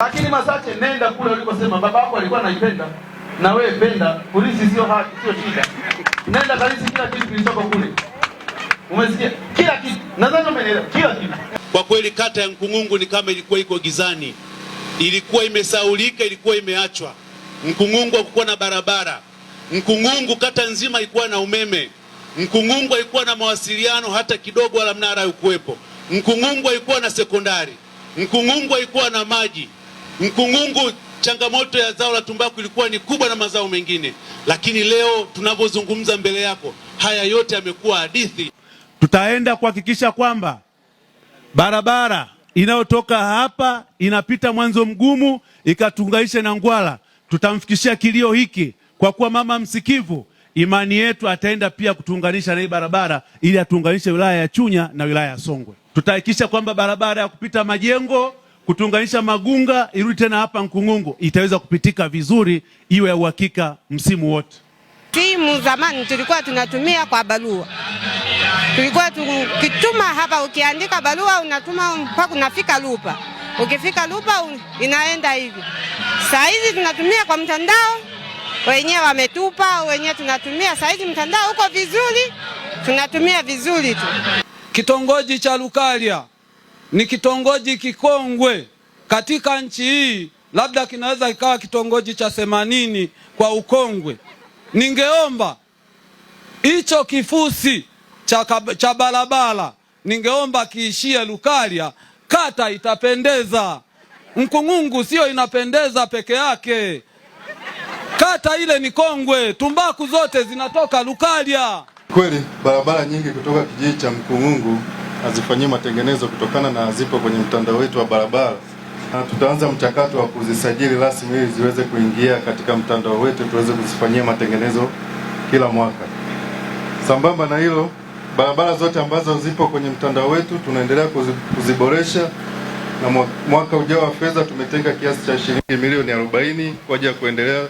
Lakini masache, nenda kule ulikosema baba yako alikuwa anaipenda, na wewe penda. Polisi sio haki, sio shida. Nenda kalisi kila kitu kilichoko kule, umesikia? Kila kitu, nadhani umeelewa kila kitu. Kwa kweli, kata ya Mkungungu ni kama ilikuwa iko gizani, ilikuwa imesaulika, ilikuwa imeachwa. Mkungungu hakukuwa na barabara. Mkungungu kata nzima ilikuwa na umeme. Mkungungu haikuwa na mawasiliano hata kidogo, wala mnara haikuwepo. Mkungungu haikuwa na sekondari. Mkungungu haikuwa na maji. Mkungungu, changamoto ya zao la tumbaku ilikuwa ni kubwa na mazao mengine, lakini leo tunavyozungumza mbele yako, haya yote yamekuwa hadithi. Tutaenda kuhakikisha kwamba barabara inayotoka hapa inapita Mwanzo Mgumu ikatunganishe na Ngwala. Tutamfikishia kilio hiki kwa kuwa mama msikivu, imani yetu ataenda pia kutuunganisha na hii barabara ili atuunganishe wilaya ya Chunya na wilaya ya Songwe. Tutahakikisha kwamba barabara ya kupita majengo kutunganisha Magunga irudi tena hapa Nkungungu, itaweza kupitika vizuri, iwe ya uhakika msimu wote. Simu zamani tulikuwa tunatumia kwa barua, tulikuwa tukituma hapa, ukiandika barua unatuma mpaka unafika Lupa, ukifika Lupa inaenda hivi. Saa hizi tunatumia kwa mtandao, wenyewe wametupa, wenyewe tunatumia saa hizi. Mtandao uko vizuri, tunatumia vizuri tu. Kitongoji cha Lukalia ni kitongoji kikongwe katika nchi hii, labda kinaweza ikawa kitongoji cha themanini kwa ukongwe. Ningeomba hicho kifusi cha, cha barabara ningeomba kiishie Lukarya, kata itapendeza. Mkung'ungu sio inapendeza peke yake, kata ile ni kongwe. Tumbaku zote zinatoka Lukarya. Kweli barabara nyingi kutoka kijiji cha Mkung'ungu hazifanyii matengenezo kutokana na zipo kwenye mtandao wetu wa barabara, na tutaanza mchakato wa kuzisajili rasmi ili ziweze kuingia katika mtandao wetu tuweze kuzifanyia matengenezo kila mwaka. Sambamba na hilo, barabara zote ambazo zipo kwenye mtandao wetu tunaendelea kuziboresha na mwaka ujao wa fedha tumetenga kiasi cha shilingi milioni 40 kwa ajili ya kuendelea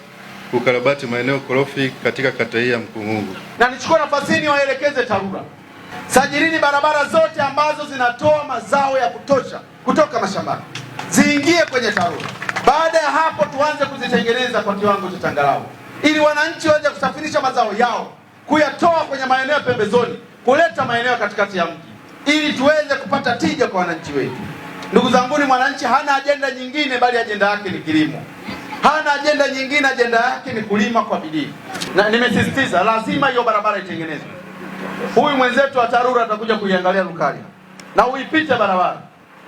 kukarabati maeneo korofi katika kata hii ya Mkung'ungu, na nichukue nafasi hii niwaelekeze TARURA Sajirini barabara zote ambazo zinatoa mazao ya kutosha kutoka mashambani ziingie kwenye TARURA. Baada ya hapo, tuanze kuzitengeneza kwa kiwango cha changarawe, ili wananchi waweze kusafirisha mazao yao kuyatoa kwenye maeneo pembezoni kuleta maeneo katikati ya mji, ili tuweze kupata tija kwa wananchi wetu. Ndugu zanguni, mwananchi hana ajenda nyingine, bali ajenda yake ni kilimo. Hana ajenda nyingine, ajenda yake ni kulima kwa bidii, na nimesisitiza lazima hiyo barabara itengenezwe. Huyu mwenzetu wa TARURA atakuja kuiangalia Lukaria na uipite barabara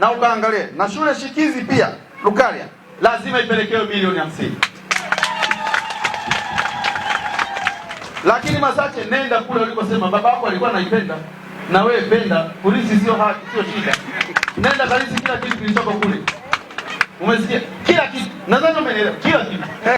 na ukaangalie, na shule shikizi pia Lukaria lazima ipelekewe milioni hamsini. Lakini Masache, nenda kule ulikosema baba yako alikuwa anaipenda, na wewe penda. Polisi sio haki, sio shida. Nenda kalisi kila kitu kilichoko kule, umesikia? Kila kitu, nadhani umeelewa kila kitu.